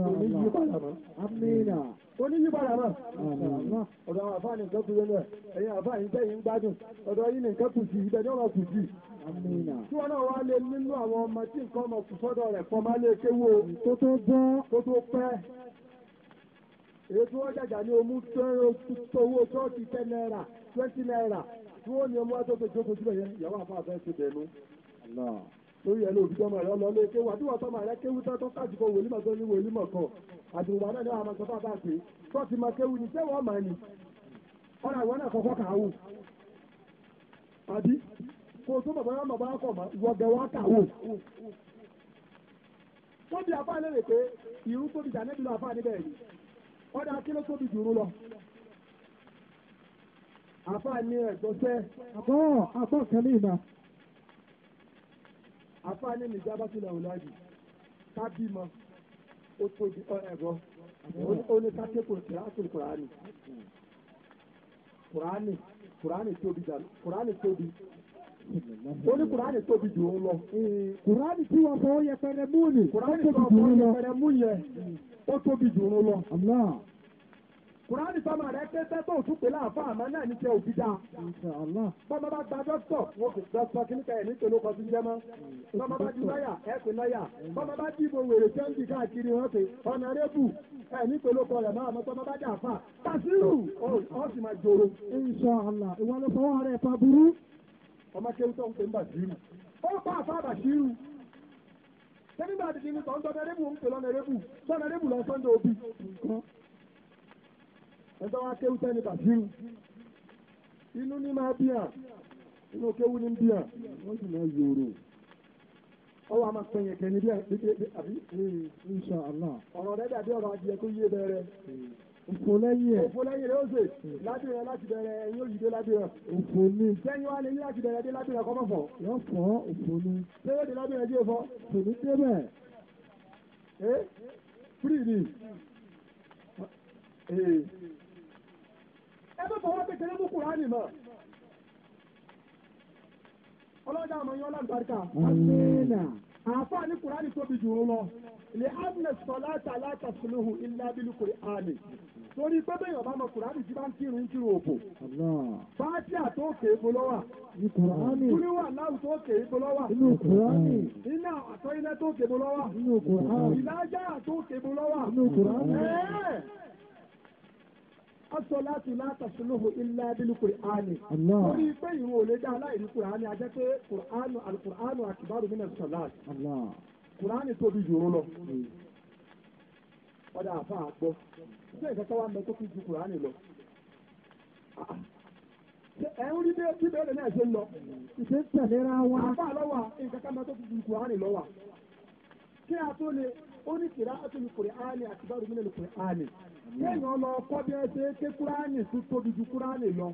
òní yí padà mọ́ amínà òní yí padà mọ́ ọ̀dọ̀ àwọn àfáà nìkan kù lẹ́nu ẹ̀ ẹ̀yin àfáà yìí tẹ́yìn ń gbádùn ọ̀dọ̀ yìí nìkan kù sí ibẹ̀ ní ọ̀rọ̀ kù sí. tí wọn náà wá lé nínú àwọn ọmọ tí nǹkan ọmọ kù sọ́dọ̀ rẹ̀ pọ̀ máa lé kéwò tó tó bọ́ tó tó pẹ́ èyí tí wọ́n jàjà ní omú tó fi lórí ẹ̀ lóòótọ́ ọmọ rẹ̀ lọ lé kéwà tí wọ́n tọ́mọ rẹ̀ kéwú tán tó kájú kan wòlímọ̀ tó ní wòlímọ̀ kan àdìwà náà ní àwọn àmọ̀sọ́ bàbá pé tó ti mọ kéwú ní sẹ́wọ̀n ọmọ ẹni ọ̀rọ̀ ìwọ náà kọ́kọ́ kàáwò àbí kò tó bàbá yọ bàbá kọ̀ mọ́ ìwọ̀gẹ̀ wá kàáwò. wọ́n bí afá lérè pé ìrú tóbi jà níbi lọ afá níbẹ̀ yìí ọ̀dà kí ló tóbi jù lọ. afá ní ẹ̀gbọ́sẹ́ àbọ̀ àbọ̀ kẹ́lẹ́ ìgbà àfáàní ní jábátìlà ọ̀làjì ká bímọ ó tóbi ẹ̀rọ ó ní ká ké kùránì kùránì kùránì tóbi dànù kùránì tóbi ó ní kùránì tóbi jù ú lọ. kùránì tí wọ́n fọwọ́ yẹpẹrẹ mú ni. kùránì tí wọ́n fọwọ́ yẹpẹrẹ mú yẹ ó tóbi jù ú lọ kùránì sọmọ rẹ pé sẹ́tọ̀ òtún pé láàfà àmọ́ náà ní tiẹ̀ òbí dáa. bọ́mọ bá gba dókítọ̀ wọn kò dókítọ̀ kí nípa ẹ̀ ní tòló kọ sí jẹ́mọ́. bọ́mọ bá di lọ́yà ẹ pè lọ́yà bọ́mọ bá di ìbò wèrè sẹ́ńtì káàkiri wọn pé ọ̀nàrẹ́bù ẹ̀ ní tòló kọ rẹ̀ máa mọ́ bọ́mọ bá dà fà. tàṣírù ó sì máa jòrò. Inshallah ìwọ ló fọwọ́ rẹ̀ pa burú. ọmọ kéwù tó ń pè ń bàṣírù. ó pa àfa bàṣírù sẹ́ni bá ti di ní sọ̀ńdọ̀nẹ́rẹ́bù ń pè lọ́nẹ́rẹ́bù sọ̀nẹ́rẹ́bù lọ́sọ̀ńdọ̀ òbí ẹgbẹ́ wa kéwú sẹ́ni kàfíù inú ní máa bí à inú kéwú ní bí à wọ́n sì máa yòrò ọwọ́ a máa pẹ́ yẹn kẹ́ni bí àbí insha Allah ọ̀rọ̀ rẹ̀ dàbí ọ̀rọ̀ adìyẹ tó yé bẹ̀rẹ̀ òfò lẹ́yìn ẹ̀ òfò lẹ́yìn rẹ̀ ó sè láti rẹ̀ láti bẹ̀rẹ̀ ẹ̀yìn òyìnbó láti rẹ̀ òfò ní sẹ́yìn wa lè ní láti bẹ̀rẹ̀ dé láti kọ́ mọ̀fọ̀ yọ fọ́ òfò ní sẹ́yìn dé láti dé fọ́ kò ní débẹ̀ ẹ́ fúrì ni ẹgbẹ́ fọwọ́ kékeré mú kùránì mọ̀ ọlọ́jà àmọ́ yín ọlọ́gbàdìkà àáfàá ní kùránì tóbi jù ú lọ lè ánà sọlá tàlá tàfúnúhù ilé abílù kùránì torí pé bẹ́ẹ̀ ọba mọ kùránì tí bá ń kírun ń kírun òbò fáàtì àtòkè ìbolówà kúníwà láwùjọ òkè ìbolówà iná àtọ́ ilẹ̀ tó òkè ìbolówà ìlàjà àtòkè ìbolówà ẹ̀ẹ́ asọ́láàtì látàṣúlùhù ilá bílú kùránì. lórí pé ìwọ ò lè dá aláìní kùránì a jẹ́ pé kùránù alukùránù àkìbárù mínà sọ̀láàtì. kùránì tóbi jù ú lọ. ọ̀dà àfa àgbọ̀ ṣé ìkẹ́kẹ́ wa mẹ́tọ́ kí ju kùránì lọ. ẹ ń rí bí bẹ́ẹ̀ náà ṣe ń lọ. ìṣe tẹ̀léra wa. àfa lọ́wọ́ ìkẹ́kẹ́ mẹ́tọ́ kí ju kùránì lọ́wọ́. kí a tó lè ó ní kìrá kéèyàn lọ kọ́ bí ẹ ṣe é ké kúránì tó tóbi ju kúránì lọ.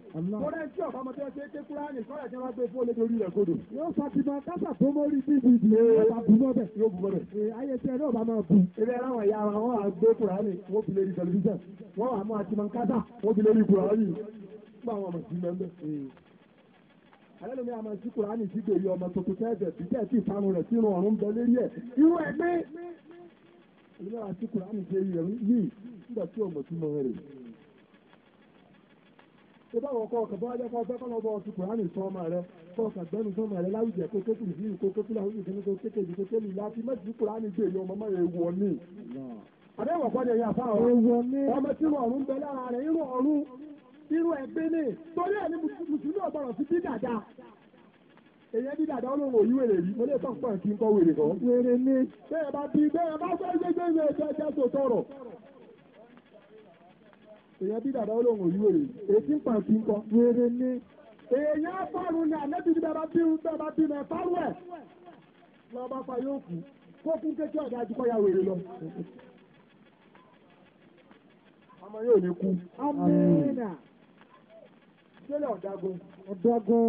kórè tí ọ̀gá ọmọ bí ẹ ṣe é ké kúránì sọ́yà tí wọ́n gbé fún olóde orí rẹ̀ kodò. yóò fatima kásà tó mórí dvd yóò bá bu mọ́bẹ̀. yóò bu mọ́bẹ̀. ayé tí ẹ náà máa bu. ilé ẹ̀rọ àwọn ìyá wa wọ́n gbé kúránì wọ́n fi lè rí tẹlifíṣàn wọ́n á máa ti máa kásà wọ́n fi lè rí kúránì. nígbà wọn àmọ̀ sí mẹ́mbẹ́ alẹ́lómi àmọ́ sí kúránì sí gbèrè ọmọ tuntun tẹ́ẹ̀dẹ̀ bí tẹ́ẹ̀ sì rẹ̀ sínú ọ̀run bẹ lérí ẹ̀ irú ẹgbẹ́ ilé àti kùránì ṣe yẹ̀rù yìí nígbà tí ọmọ tí mo rẹ̀. tó bá wọ̀ kọ́ ọkàn bá wájá fún ọgbẹ́ kọ́ lọ́wọ́ ọtí kùránì sọ ọmọ rẹ̀ kọ́ ọkàn gbẹ́nu sọ ọmọ rẹ̀ láwùjẹ́ kó kékeré sí ìkó kékeré àwọn ìdílé tó kékeré tó kékeré láti mẹ́tì kùránì gbé yọ ọmọ mẹ́rin wọ ní. àdéhùn ọ̀pọ̀ yẹn yàfa ọmọ tí ọ̀run bẹ lára rẹ̀ irú ọ̀run irú ẹgbẹ́ ní torí ẹ̀ ní mùsùlùmí ọ̀gbọ̀rọ̀ èyàn ní dàda olóhùn òyú wèrè yìí mo lè sọ pọ̀ kí n kọ́ wèrè kọ́. wèrè ni bẹ́ẹ̀ bá ti bẹ́ẹ̀ bá fẹ́ gbégbé ìwé ẹ̀jẹ̀ ẹ̀jẹ̀ tó tọrọ. èyàn bí dàda olóhùn òyú wèrè èyí ń pọ̀ kí n kọ́. wèrè ni èyàn fárun ni àlẹ́ bíi bẹ́ẹ̀ bá bí bẹ́ẹ̀ bá bí mẹ́ fárun ẹ̀ lọ́ba fa yóò kú kó kún kékeré ọ̀dà àjùkọ́ ya wèrè lọ ọmọ yóò ní kú. amínà. sílẹ̀ ọ̀dágun. ọ̀dágun.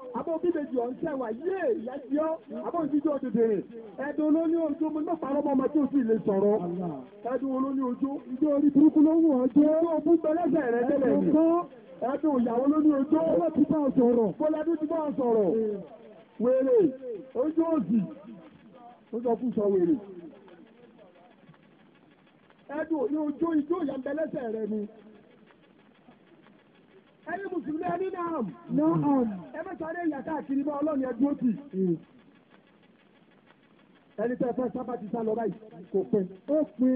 àbọ̀ bíbejì ọ̀hún ṣe wa yé ìyá tí ọ́ àbọ̀ ìdíjú ọ̀dẹ̀dẹ̀rẹ̀ ẹ̀dùn olóní ojú mo náà parọ́ mọ́ ọmọ tó sì lè sọ̀rọ̀ ẹ̀dùn olóní ojú ìjọ orí burúkú ló wù ọ́ jẹ́ ìjọ òkú gbẹlẹ́sẹ̀ rẹ tẹ́lẹ̀ ní ẹ̀dùn ìyàwó lóní ojú ó ti bá sọ̀rọ̀ bọ́lẹ́dún ti bá sọ̀rọ̀ wèrè ojú òsì ó sọ fún sọ wèrè ẹ̀dùn ojú ìjọ ìyàmbẹ́lẹ́sẹ̀ rẹ ni ẹni mùsùlùmí ẹni náà náà ẹ mẹ́sàáré ìyá káàkiri bá ọlọ́run ẹgbẹ́ òkì ẹni tẹ́ fẹ́ sábà ti sá lọ báyìí kò pẹ́ ó pin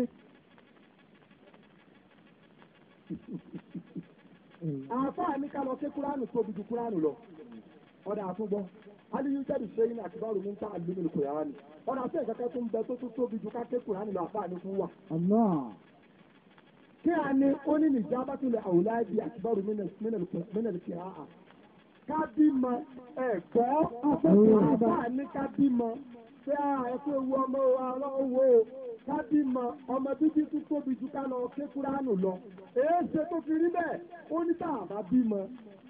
àáfàá ní ká lọ sí kúránù tóbi ju kúránù lọ ọ̀dà àtúgbọ́ aliyu jáde ṣe yín àti báwo ló ń ta àlùmí kò yára ni ọ̀dà àti ẹ̀kẹ́kẹ́ tó ń bẹ tó tó tóbi ju ká ké kúránù lọ àáfàá ní fún wa kí a ní ó ní nìjábá tó lè àwòláàdì àtibárò mínàlì kìá à ká bímọ ẹ̀gbọ́ afẹ́fẹ́ àbá ní ká bímọ pé ẹ̀kọ́ ewu ọmọ ọlọ́wọ́ o ká ọmọ bíbí tún tóbi ju ká lọ kékúránù lọ èé ṣe tó fi rí bẹ́ẹ̀ ó bímọ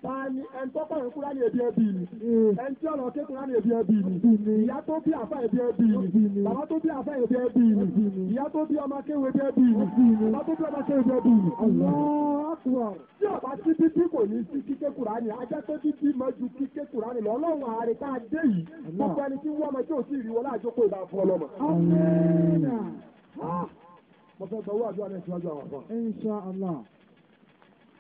Tani ẹni tó kọ̀ ìkúra ní ebi ẹbí ni. Hmm. Ẹni tí ọ̀nà kékúra ní ebi ẹbí ni. Ìyá tó bí àfà ebi ẹbí ni. Bàbá tó bí àfà ebi ẹbí ni. Ìyá tó bí ọmọ kéwé ebi ẹbí ni. Bàbá tó bí ọmọ kéwé ebi ẹbí ni. Tí ọ̀bá tí títí kò ní sí kíké kúra ní ajá tó títí mọ ju kíké kúra ní lọ. Ọlọ́run ààrẹ tá a dé yìí. Gbogbo ẹni tí wọ́n mọ tí ò sí ìrìwọ́ láàjókòó ìbá fún ọlọ́mọ. Ah! Mo fẹ́ gbọ́ owó àdúrà náà síwájú àwọn àbọ̀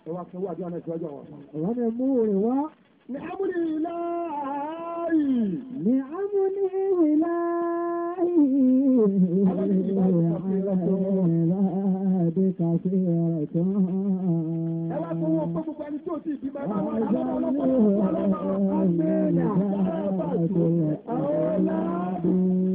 ẹwà kan wà bí ọ̀nà ìtọ́jú àwọn. ẹ̀wọ́n ni mú òrìn wá. ní amúlì láàyè. ní amúlì láàyè. ẹwà tó wọ́n pé gbogbo ẹni tí ò tí ì bímọ ẹ̀ma wọn làwọn ọlọ́pàá ọlọ́pàá ọlọ́pàá ọlọ́pàá ọlọ́pàá ọlọ́pàá ọlọ́pàá ọlọ́pàá ọlọ́pàá ọlọ́pàá ọlọ́pàá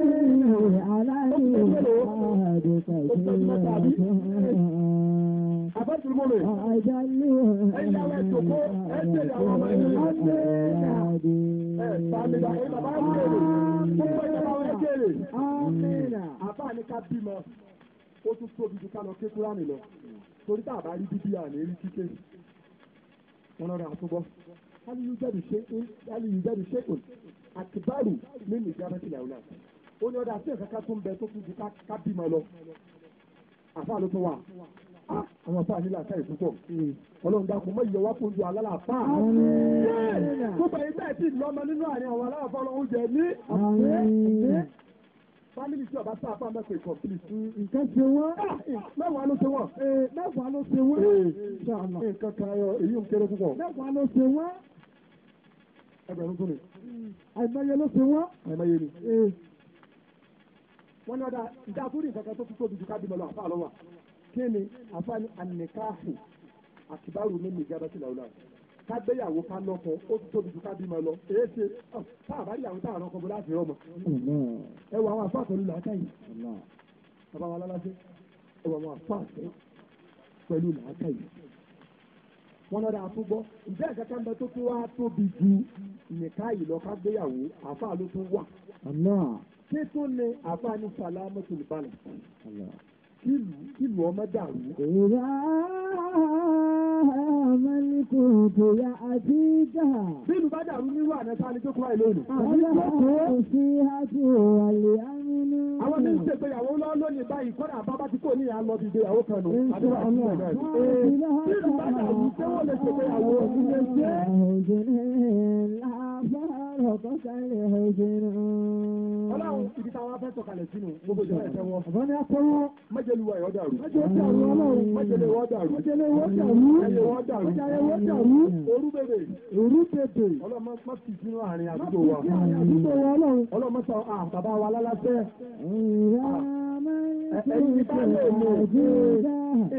Àbẹ́tùmọ́lẹ̀. Ẹ̀yà rẹ̀ tòkó, ẹ̀jẹ̀ ìyàwó ọmọ ìlú ọdún. Ẹ̀ sàmìlà ẹ̀ bàbá ń bèrè. Gbogbo ìjọba wọn kéré. Àbá ní ká bímọ. Ó tún tóbi ju ká lọ ké Kúránì lọ. Torí tá àbá rí bíbí à ní rí kíké. Wọ́n lọ́ra àtúbọ̀. Aliyu jẹ́bi ṣe ń, Aliyu jẹ́bi ṣe ń, àtibárù nínú ìjábẹ́sílẹ̀ ọ̀la ó ní ọ̀dà sí ìkankan tó ń bẹ tó tún di ká bímọ lọ àfa ló tún wà àwọn àfa nílà àṣà ìfúnpọ̀ ọlọ́run dákun mọ́ ìyẹ̀wá kó ju alálà àfa tó bẹ̀rẹ̀ bẹ́ẹ̀ tí lọ́mọ nínú àárín àwọn aláàfà ọlọ́run jẹ ní family tí ọba sáà fáwọn mẹ́fẹ̀ẹ́ complete. nǹkan ṣe wọ́n. Ah, eh, mẹ́wàá ló ṣe wọ́n. Eh, mẹ́wàá ló ṣe wọ́n. Eh, nǹkan kan ayọ̀ èyí ń kéré púpọ̀. mẹ́wàá ló ṣe wọ́n. ẹgbẹ̀rún tó ni. àìmọye ló ṣe wọ́n. àìmọye ni wọ́n ní ọ̀dà ìdásórí ìkankan tó tóbi ju kábìmọ̀ lọ àfa àlọ́wà kí ni àfa ni ànìkáàfù àtibárù ní nìjàmbá sí làwùlà kágbéyàwó ká lọ́kọ ó tóbi ju kábìmọ̀ lọ èyí ṣe tá a bá yàwó tá a rán ọkọ bó láti rọmọ. ẹ wọ àwọn àfa pẹ̀lú làákàyè bàbá wa lálásẹ ẹ wọ àwọn àfa pẹ̀lú làákàyè wọn lọ́dà àtúgbọ́ ǹjẹ́ ìkẹta ń bẹ tó tún wá tóbi ju nìkáyì lọ kágbéyàwó àfa ló tún wà kí tún ni àbáni sàlámù tó balẹ̀ kílù kílù ọmọ dàrú. ìrà àmàlìkò tó yà àti ìjà. bílù bá dàrú nírú àná tá a lè jókòó àìlónìí. àwọn kò sí àti òwàlẹ̀ àmínú. àwọn tí ń ṣe ìgbéyàwó lọ́wọ́ báyìí kọ́dà bábá tí kò ní ìyá lọ bí ìgbéyàwó kan nù. àdúrà ọmọ ẹ̀ bílù bá dàrú tí wọ́n lè ṣe ìgbéyàwó. òjò ní ìlà. فسلحوا جنون ọlọ́run ibi táwọn afẹ́ sọ̀kalẹ̀ sínú gbogbo ìjọba ẹ̀fẹ́ wọn. àbọ̀ ni akọ́wọ́. májèlé wa ìwọ́ dàrú. májèlé wa dàrú ọlọ́run. májèlé wa dàrú. májèlé wa dàrú. ẹyẹ wa dàrú. ẹyẹ wa dàrú. òru bèbè. òru bèbè. ọlọ́run má fi sínú àárín àdúgbò wa. má fi sínú àárín àdúgbò wa ọlọ́run. ọlọ́run má sọ àbàbà wa lálásẹ́. ìyá ẹ̀yin bá lè mú ẹ̀jẹ̀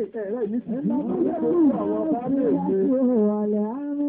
ẹ̀rẹ́ ìmísí. ẹ̀yin bá lè mú ẹ̀jẹ̀ ẹ̀rẹ́ ìmísí.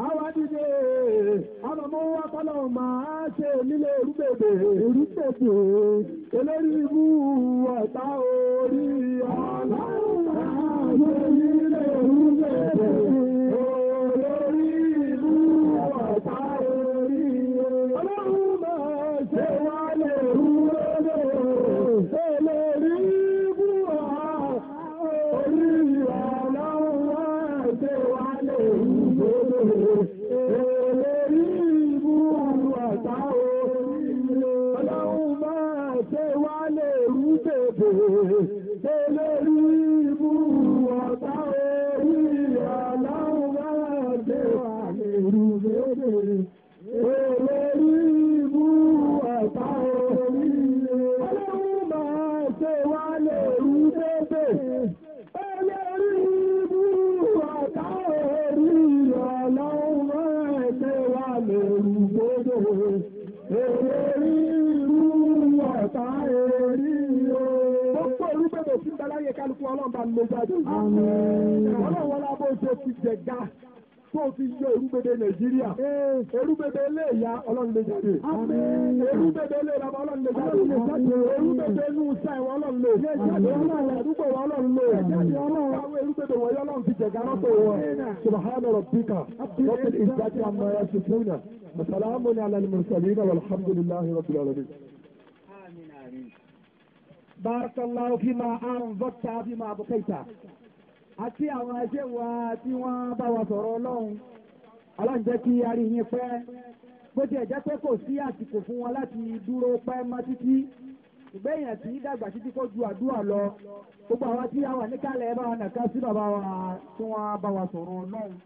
Àwọn adìde àmàmọ́ wá kọ́lọ̀ máa ṣe nílé orúgbèdè. Orúgbèdè olórí ibú ọ̀tá orí ọlọ́run máa ṣe nílé orúgbèdè. Olórí ibú ọ̀tá Erúgbèdè ilé ìyá ọlọ́run lè jáde. Erúgbèdè ilé bàbá ọlọ́run lè jáde. Erúgbèdè inú iṣẹ́ ìwọ ọlọ́run lè. Àdúgbò ìwọ ọlọ́run lè. Àwọn erúgbèdè wọ̀nyí ọlọ́run ti jẹ̀gá lọ́tọ̀ wọn. Subhana rabbika. Lọ́pẹ̀ ìdájí àmọ́ ẹ̀ ṣe fún Àti àwọn ẹṣẹ́ wa tí wọ́n bá wa sọ̀rọ̀ ọlọ́run ọlọ́njẹ́ kí arí yín pẹ́ bó tiẹ̀ jẹ́ pé kò sí àsìkò fún wọn láti dúró pẹ́ mọ́ títí ìgbẹ́yìn tí dàgbà títí kó ju àdúrà lọ gbogbo àwọn tí a wà níkàlẹ̀ bá wọn nàka sí bàbá wa tí wọ́n bá wa sọ̀rọ̀ ọlọ́run.